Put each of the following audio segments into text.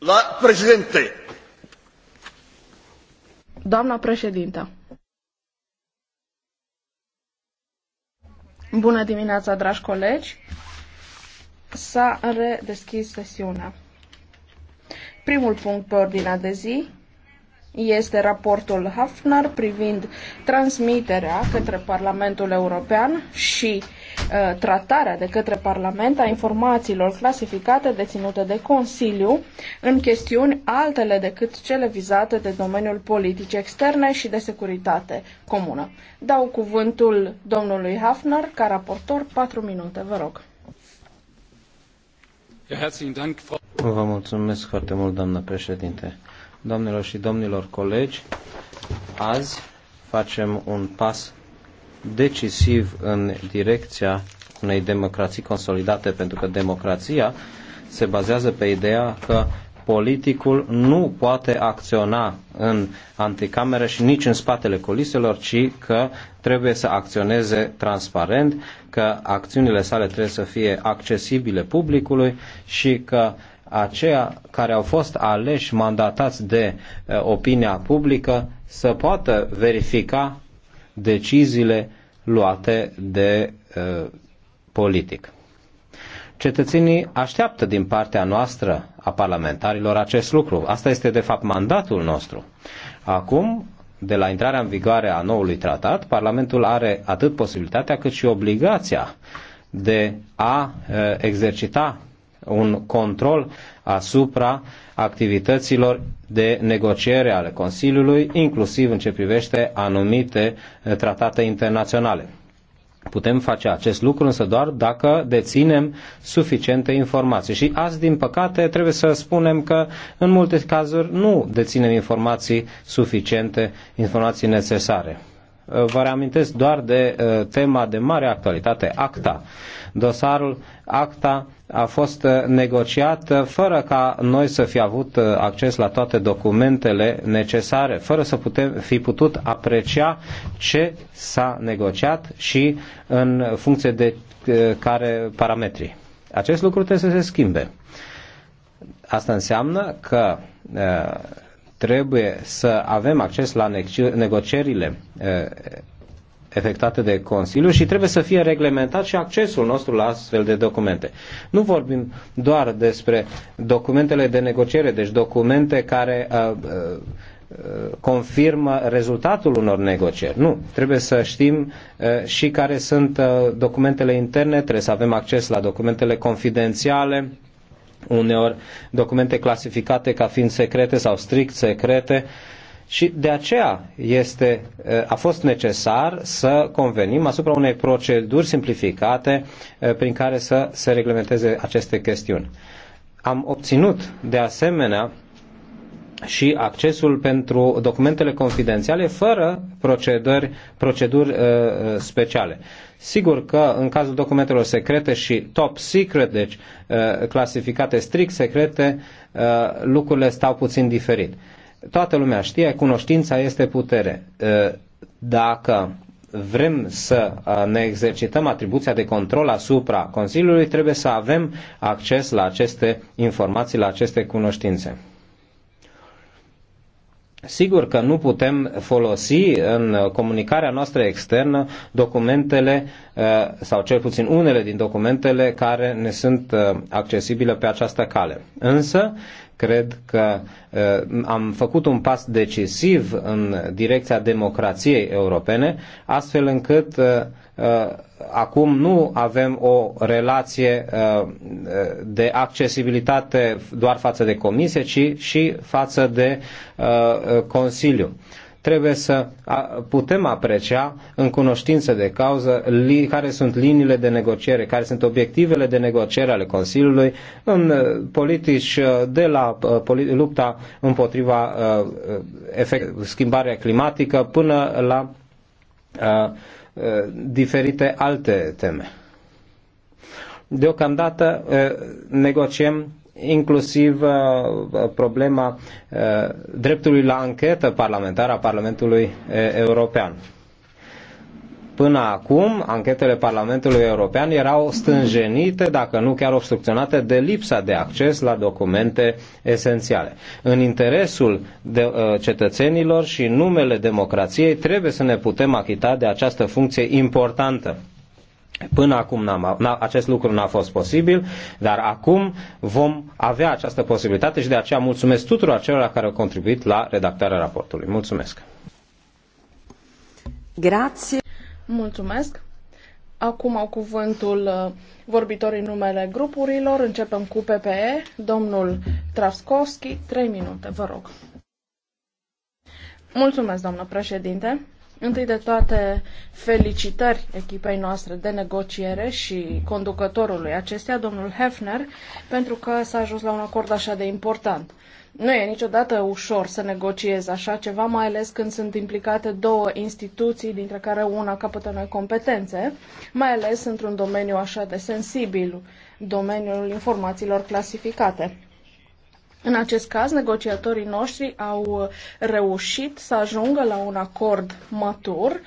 La președinte. Doamna președintă. Bună dimineața, dragi colegi. S-a redeschis sesiunea. Primul punct pe ordinea de zi este raportul Hafnar privind transmiterea către Parlamentul European și Uh, tratarea de către Parlament a informațiilor clasificate deținute de Consiliu în chestiuni altele decât cele vizate de domeniul politic externe și de securitate comună. Dau cuvântul domnului Hafner ca raportor patru minute, vă rog. Vă mulțumesc foarte mult, doamnă președinte. Doamnelor și domnilor colegi, azi facem un pas decisiv în direcția unei democrații consolidate, pentru că democrația se bazează pe ideea că politicul nu poate acționa în anticameră și nici în spatele culiselor, ci că trebuie să acționeze transparent, că acțiunile sale trebuie să fie accesibile publicului și că aceia care au fost aleși, mandatați de eh, opinia publică, să poată verifica deciziile luate de uh, politic. Cetățenii așteaptă din partea noastră a parlamentarilor acest lucru. Asta este de fapt mandatul nostru. Acum, de la intrarea în vigoare a noului tratat, Parlamentul are atât posibilitatea cât și obligația de a uh, exercita un control asupra activităților de negociere ale Consiliului, inclusiv în ce privește anumite eh, tratate internaționale. Putem face acest lucru însă doar dacă deținem suficiente informații. Și azi, din păcate, trebuie să spunem că în multe cazuri nu deținem informații suficiente, informații necesare. Eh, vă reamintesc doar de eh, tema de mare actualitate, ACTA. Dosarul ACTA a fost eh, negociat fără ca noi să fi avut acces la toate documentele necesare, fără să putem fi putut aprecia ce s-a negociat și în funcție de care parametri. Acest lucru trebuie să se schimbe. Asta înseamnă că Trebuie să avem acces la negocierile uh, efectuate de Consiliu și trebuie să fie reglementat și accesul nostru la astfel de documente. Nu vorbim doar despre documentele de negociere, deci documente care uh, uh, confirmă rezultatul unor negocieri. Nu, trebuie să știm uh, și care sunt uh, documentele interne, trebuie să avem acces la documentele confidențiale, uh, uneori documente clasificate ca fiind secrete sau strict secrete și de aceea este, eh, a fost necesar să convenim asupra unei proceduri simplificate eh, prin care să se reglementeze aceste chestiuni. Am obținut de asemenea și accesul pentru documentele confidențiale fără proceduri, proceduri uh, uh, speciale. Sigur că în cazul documentelor secrete și top secret, deci uh, clasificate strict secrete, uh, lucrurile stau puțin diferit. Toată lumea știe, cunoștința este putere. Uh, dacă vrem să uh, ne exercităm atribuția de control asupra Consiliului, trebuie să avem acces la aceste informații, la aceste cunoștințe. Sigur că nu putem folosi în comunicarea noastră externă documentele uh, sau cel puțin unele din documentele care ne sunt uh, accesibile pe această cale. Însă Cred că uh, am făcut un pas decisiv în direcția democrației europene, astfel încât uh, uh, acum nu avem o relație de accesibilitate doar față de Comisie, ci și față de Consiliu trebuie să putem aprecia în cunoștință de cauză care sunt liniile de negociere, care sunt obiectivele de negociere ale Consiliului în uh, politici uh, de la uh, lupta împotriva schimbarea climatică până la diferite alte teme. Deocamdată negociem inclusiv uh, problema uh, dreptului la anchetă parlamentară a Parlamentului uh, European. Până acum, anchetele Parlamentului European erau stânjenite, dacă nu chiar obstrucționate, de lipsa de acces la documente esențiale. În interesul de, uh, cetățenilor și numele democrației trebuie să ne putem achita de această funcție importantă Până acum acest lucru n-a fost posibil, dar acum vom avea această posibilitate și de aceea mulțumesc tuturor celor care au contribuit la redactarea raportului. Mulțumesc! Grație! Mulțumesc! Acum au cuvântul uh, vorbitorii numele grupurilor. Începem cu PPE. Domnul Traskovski, 3 minute, vă rog. Mulțumesc, doamnă președinte. Întâi de toate, felicitări echipei noastre de negociere și conducătorului acesteia, domnul Hefner, pentru că s-a ajuns la un acord așa de important. Nu e niciodată ușor să negociezi așa ceva, mai ales când sunt implicate două instituții, dintre care una capătă noi competențe, mai ales într-un domeniu așa de sensibil, domeniul informațiilor clasificate. În acest caz, negociatorii noștri au reușit să ajungă la un acord matur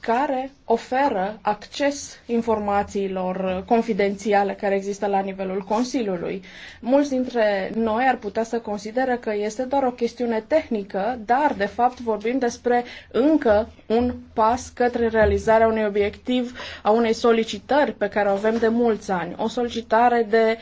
care oferă acces informațiilor confidențiale care există la nivelul Consiliului. Mulți dintre noi ar putea să consideră că este doar o chestiune tehnică, dar de fapt vorbim despre încă un pas către realizarea unui obiectiv, a unei solicitări pe care o avem de mulți ani, o solicitare de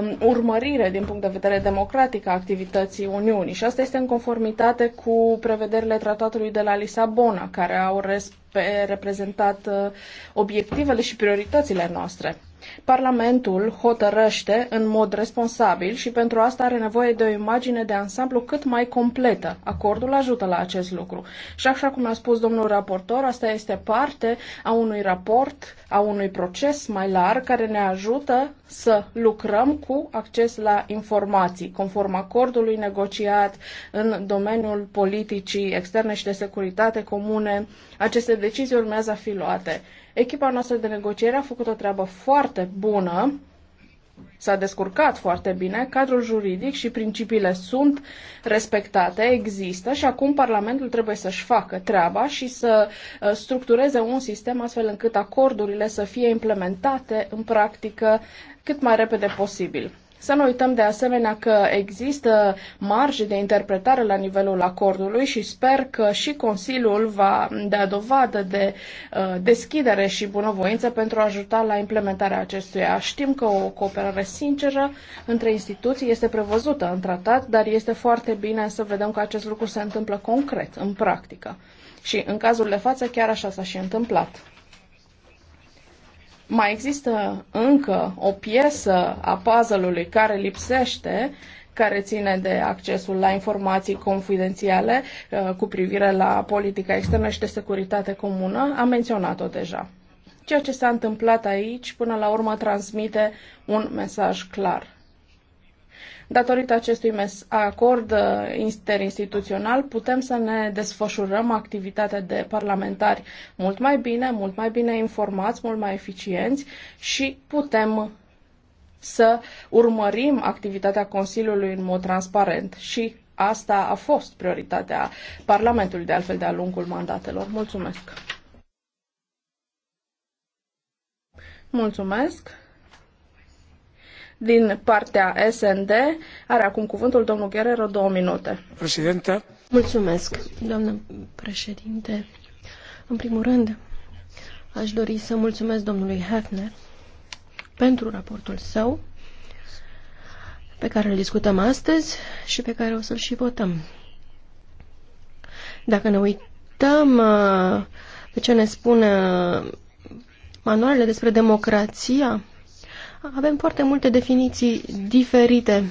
um, urmărire din punct de vedere democratic a activității Uniunii și asta este în conformitate cu prevederile tratatului de la Lisabona, care au respectat reprezentat uh, obiectivele și prioritățile noastre. Parlamentul hotărăște în mod responsabil și pentru asta are nevoie de o imagine de ansamblu cât mai completă. Acordul ajută la acest lucru. Și așa cum a spus domnul raportor, asta este parte a unui raport, a unui proces mai larg care ne ajută să lucrăm cu acces la informații, conform acordului negociat în domeniul politicii externe și de securitate comune. Aceste decizii urmează a fi luate Echipa noastră de negociere a făcut o treabă foarte bună, s-a descurcat foarte bine, cadrul juridic și principiile sunt respectate, există și acum Parlamentul trebuie să-și facă treaba și să uh, structureze un sistem astfel încât acordurile să fie implementate în practică cât mai repede posibil. Să nu uităm de asemenea că există marge de interpretare la nivelul acordului și sper că și Consiliul va da dovadă de uh, deschidere și bunăvoință pentru a ajuta la implementarea acestuia. Știm că o cooperare sinceră între instituții este prevăzută în tratat, dar este foarte bine să vedem că acest lucru se întâmplă concret, în practică. Și în cazul de față chiar așa s-a și întâmplat mai există încă o piesă a puzzle-ului care lipsește, care ține de accesul la informații confidențiale uh, cu privire la politica externă și de securitate comună. Am menționat-o deja. Ceea ce s-a întâmplat aici, până la urmă, transmite un mesaj clar. Datorită acestui acord uh, interinstituțional putem să ne desfășurăm activitatea de parlamentari mult mai bine, mult mai bine informați, mult mai eficienți și putem să urmărim activitatea Consiliului în mod transparent și asta a fost prioritatea Parlamentului de altfel de-a lungul mandatelor. Mulțumesc! Mulțumesc! din partea SND. Are acum cuvântul domnul Guerrero, două minute. Președinte. Mulțumesc, doamnă președinte. În primul rând, aș dori să mulțumesc domnului Hefner pentru raportul său pe care îl discutăm astăzi și pe care o să-l și votăm. Dacă ne uităm pe uh, ce ne spune uh, manualele despre democrația avem foarte multe definiții diferite.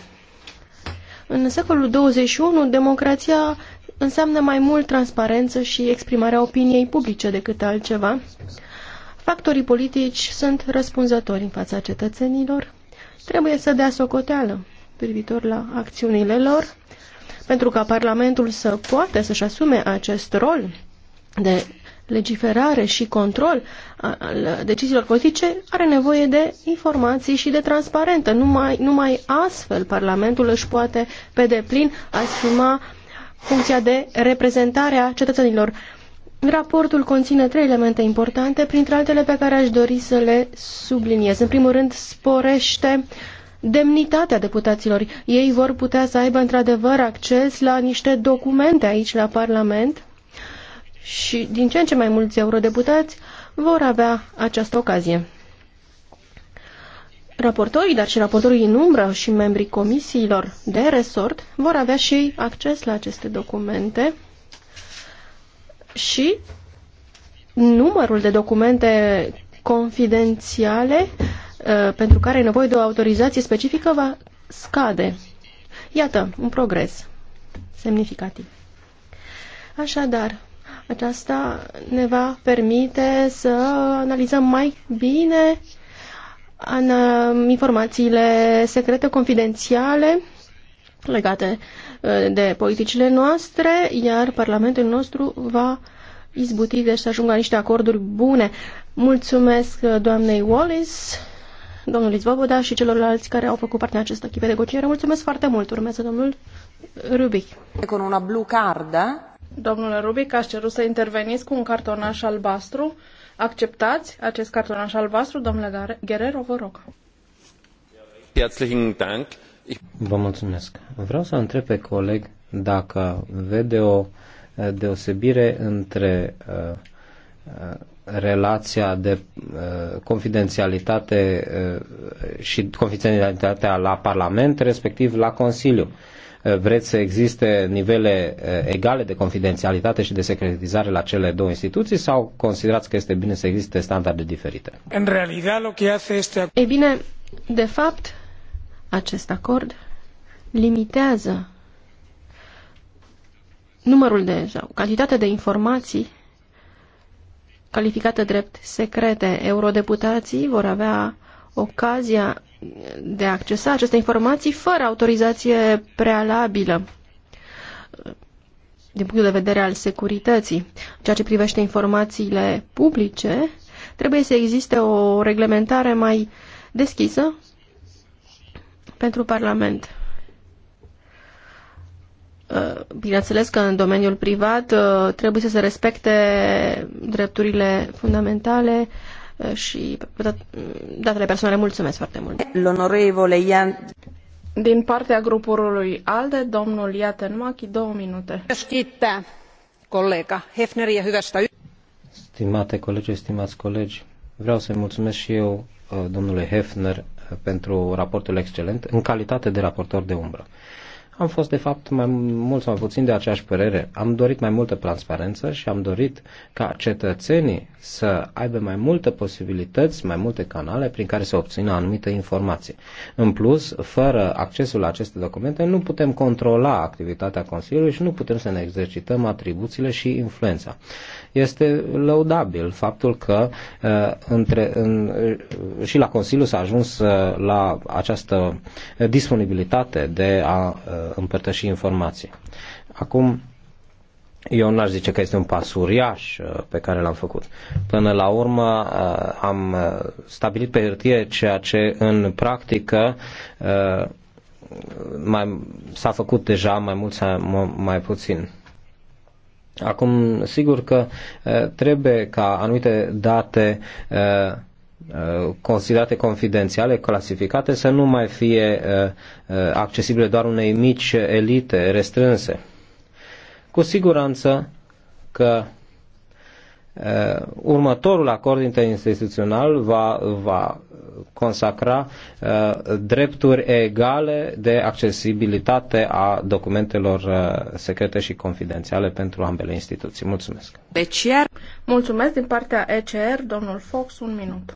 În secolul 21, democrația înseamnă mai mult transparență și exprimarea opiniei publice decât altceva. Factorii politici sunt răspunzători în fața cetățenilor. Trebuie să dea socoteală privitor la acțiunile lor, pentru ca Parlamentul să poată să-și asume acest rol de legiferare și control al deciziilor politice are nevoie de informații și de transparentă. Numai, numai astfel Parlamentul își poate pe deplin asuma funcția de reprezentare a cetățenilor. Raportul conține trei elemente importante, printre altele pe care aș dori să le subliniez. În primul rând, sporește demnitatea deputaților. Ei vor putea să aibă într-adevăr acces la niște documente aici la Parlament și din ce în ce mai mulți eurodeputați vor avea această ocazie. Raportorii, dar și raportorii în umbră și membrii comisiilor de resort vor avea și acces la aceste documente și numărul de documente confidențiale uh, pentru care e nevoie de o autorizație specifică va scade. Iată, un progres semnificativ. Așadar, aceasta ne va permite să analizăm mai bine în um, informațiile secrete, confidențiale legate uh, de politicile noastre, iar Parlamentul nostru va izbuti de deci, să ajungă la niște acorduri bune. Mulțumesc uh, doamnei Wallis, domnului Zvoboda și celorlalți care au făcut parte în această echipă de gociere. Mulțumesc foarte mult. Urmează domnul Rubic. Con una blue card, Domnule Rubic, aș cerut să interveniți cu un cartonaș albastru. Acceptați acest cartonaș albastru, domnule Guerrero, vă rog. Vă mulțumesc. Vreau să întreb pe coleg dacă vede o eh, deosebire între eh, eh, relația de confidențialitate și confidențialitatea la Parlament, respectiv la Consiliu vreți să existe nivele eh, egale de confidențialitate și de secretizare la cele două instituții sau considerați că este bine să existe standarde diferite? În realitate, lo que hace este... E bine, de fapt, acest acord limitează numărul de sau calitatea de informații calificată drept secrete. Eurodeputații vor avea ocazia de a accesa aceste informații fără autorizație prealabilă din punct de vedere al securității. Ceea ce privește informațiile publice, trebuie să existe o reglementare mai deschisă pentru Parlament. Uh, bineînțeles că în domeniul privat uh, trebuie să se respecte drepturile fundamentale, Eh, și datele personale. Mulțumesc foarte mult! L'onorevole Ian... Din partea grupului ALDE, domnul Machi, două minute. Kiittää collega Hefneria hyvästä... Stimate colegi, stimați colegi, vreau să-i mulțumesc și eu eh, domnului Hefner eh, pentru raportul excelent în calitate de raportor de umbră am fost, de fapt, mai mult sau mai puțin de aceeași părere. Am dorit mai multă transparență și am dorit ca cetățenii să aibă mai multe posibilități, mai multe canale prin care să obțină anumite informații. În plus, fără accesul la aceste documente, nu putem controla activitatea Consiliului și nu putem să ne exercităm atribuțiile și influența. Este lăudabil faptul că uh, între, în, uh, și la Consiliu s-a ajuns uh, la această disponibilitate de a uh, împărtăși informații. Acum, eu n-aș zice că este un pas uriaș uh, pe care l-am făcut. Până la urmă uh, am uh, stabilit pe hârtie ceea ce în practică mai, s-a făcut deja mai mult sau mai puțin. Acum, sigur că trebuie ca anumite date Uh, considerate confidențiale, clasificate, să nu mai fie uh, uh, accesibile doar unei mici elite restrânse. Cu siguranță că următorul acord interinstituțional va, va consacra drepturi egale de accesibilitate a documentelor secrete și confidențiale pentru ambele instituții. Mulțumesc. Deci, iar... Mulțumesc din partea ECR, domnul Fox, un minut.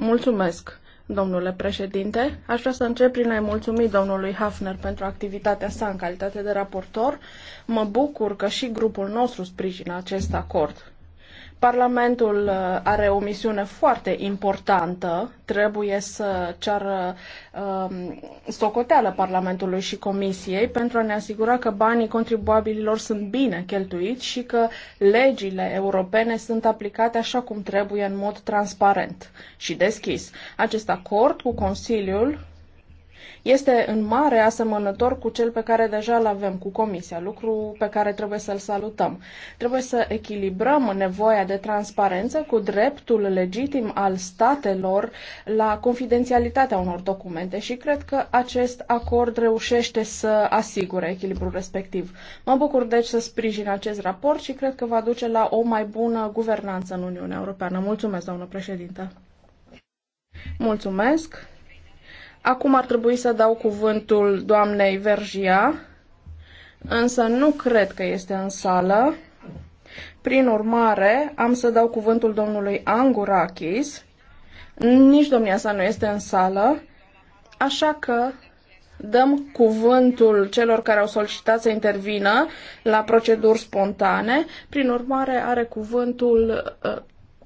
Mulțumesc, domnule președinte. Aș vrea să încep prin a-i mulțumi domnului Hafner pentru activitatea sa în calitate de raportor. Mă bucur că și grupul nostru sprijină acest acord. Parlamentul uh, are o misiune foarte importantă. Trebuie să ceară um, socoteală Parlamentului și Comisiei pentru a ne asigura că banii contribuabililor sunt bine cheltuiți și că legile europene sunt aplicate așa cum trebuie, în mod transparent și deschis. Acest acord cu Consiliul este în mare asemănător cu cel pe care deja îl avem cu Comisia, lucru pe care trebuie să-l salutăm. Trebuie să echilibrăm nevoia de transparență cu dreptul legitim al statelor la confidențialitatea unor documente și cred că acest acord reușește să asigure echilibrul respectiv. Mă bucur deci să sprijin acest raport și cred că va duce la o mai bună guvernanță în Uniunea Europeană. Mulțumesc, doamnă președintă! Mulțumesc! Acum ar trebui să dau cuvântul doamnei Vergia, însă nu cred că este în sală. Prin urmare, am să dau cuvântul domnului Angurakis. Nici domnia sa nu este în sală, așa că dăm cuvântul celor care au solicitat să intervină la proceduri spontane. Prin urmare, are cuvântul uh,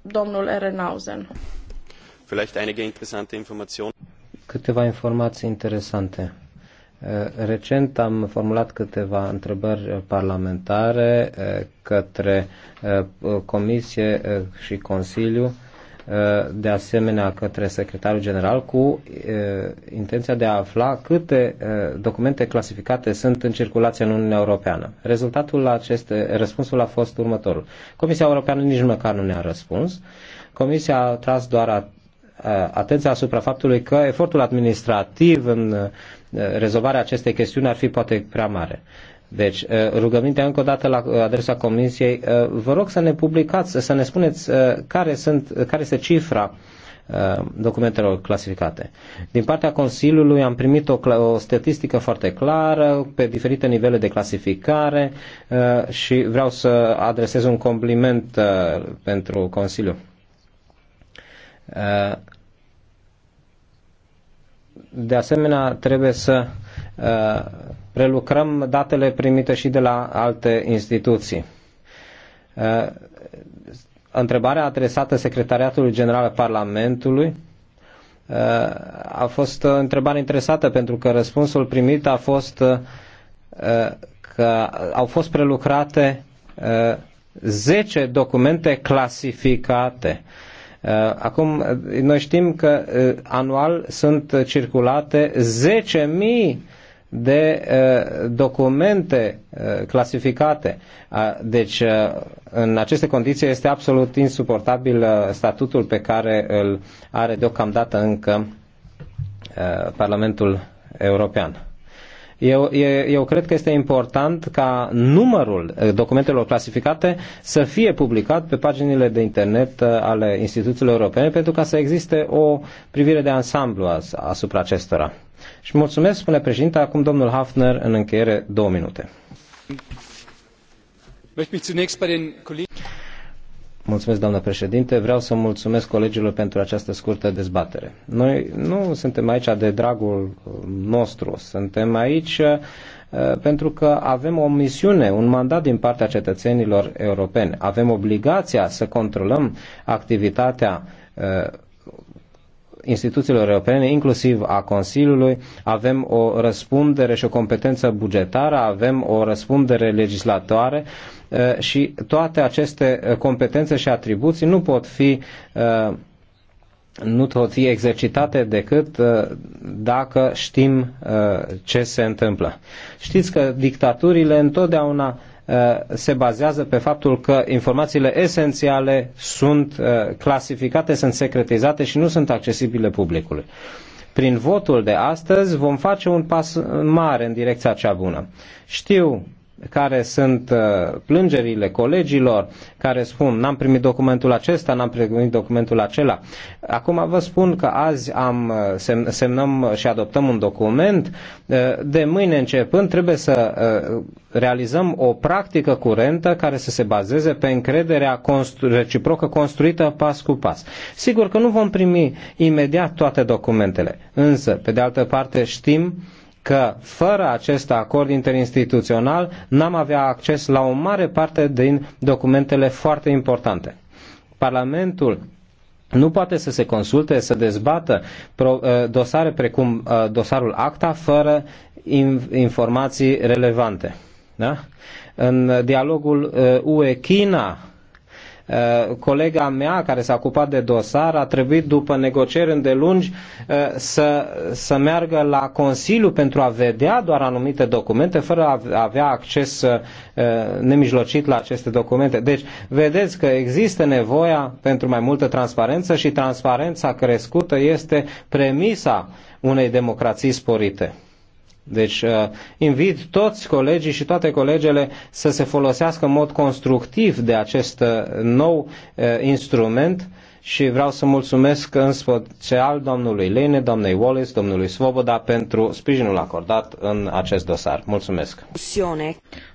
domnul Erenhausen. Vielleicht einige interessante câteva informații interesante. Uh, recent am formulat câteva întrebări uh, parlamentare uh, către Comisie și Consiliu, de asemenea către Secretarul General, cu intenția de a afla câte documente clasificate sunt în circulație în Uniunea Europeană. Rezultatul la aceste, răspunsul a fost următorul. Comisia Europeană nici măcar nu ne-a răspuns. Comisia a tras doar Uh, atenția asupra faptului că efortul administrativ în uh, rezolvarea acestei chestiuni ar fi poate prea mare. Deci, uh, rugămintea încă o dată la adresa Comisiei, vă rog să ne publicați, să ne spuneți care, sunt, care este cifra documentelor clasificate. Din partea Consiliului am primit o, o statistică foarte clară pe diferite nivele de clasificare și vreau să adresez un compliment pentru Consiliu. De asemenea, trebuie să uh, prelucrăm datele primite și de la alte instituții. Uh, întrebarea adresată Secretariatului General al Parlamentului uh, a fost o întrebare interesată pentru că răspunsul primit a fost că au fost prelucrate 10 documente clasificate Uh, acum, uh, noi știm că uh, anual sunt circulate 10.000 de documente clasificate. Deci, în aceste condiții este absolut insuportabil statutul pe care îl are deocamdată încă Parlamentul European. Eu, eu cred că este important ca numărul eh, documentelor clasificate să fie publicat pe paginile de internet eh, ale instituțiilor europene pentru ca să existe o privire de ansamblu asupra acestora. Și mulțumesc, spune președinte, acum domnul Hafner în încheiere două minute. Mulțumesc, doamnă președinte. Vreau să mulțumesc colegilor pentru această scurtă dezbatere. Noi nu suntem aici de dragul nostru. Suntem aici uh, pentru că avem o misiune, un mandat din partea cetățenilor europeni. Avem obligația să controlăm activitatea uh, instituțiilor europene, inclusiv a Consiliului, avem o răspundere și o competență bugetară, avem o răspundere legislatoare uh, și toate aceste competențe și atribuții nu pot fi uh, nu pot fi exercitate decât uh, dacă știm uh, ce se întâmplă. Știți că dictaturile întotdeauna uh, se bazează pe faptul că informațiile esențiale sunt clasificate, sunt secretizate și nu sunt accesibile publicului. Prin votul de astăzi vom face un pas mare în direcția cea bună. Știu care sunt uh, plângerile colegilor care spun n-am primit documentul acesta, n-am primit documentul acela. Acum vă spun că azi am uh, semnăm și adoptăm un document, uh, de mâine începând trebuie să realizăm o practică curentă care să se bazeze pe încrederea constru- reciprocă construită pas cu pas. Sigur că nu vom primi imediat toate documentele, însă, pe de altă parte, știm că fără acest acord interinstituțional n-am avea acces la o mare parte din documentele foarte importante. Parlamentul nu poate să se consulte, să dezbată uh, dosare precum uh, dosarul ACTA fără informații relevante. Da? În dialogul uh, UE-China Eh, colega mea care s-a ocupat de dosar a trebuit după negocieri îndelungi eh, să, să meargă la Consiliu pentru a vedea doar anumite documente fără a avea acces eh, nemijlocit la aceste documente. Deci vedeți că există nevoia pentru mai multă transparență și transparența crescută este premisa unei democrații sporite. Deci uh, invit toți colegii și toate colegele să se folosească în mod constructiv de acest uh, nou uh, instrument și vreau să mulțumesc în special domnului Lene, doamnei Wallace, domnului Svoboda pentru sprijinul acordat în acest dosar. Mulțumesc!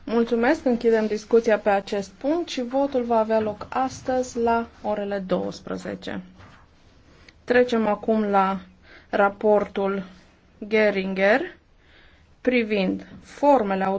Mulțumesc! Închidem discuția pe acest punct și votul va avea loc astăzi la orele 12. Trecem acum la raportul Geringer privind formele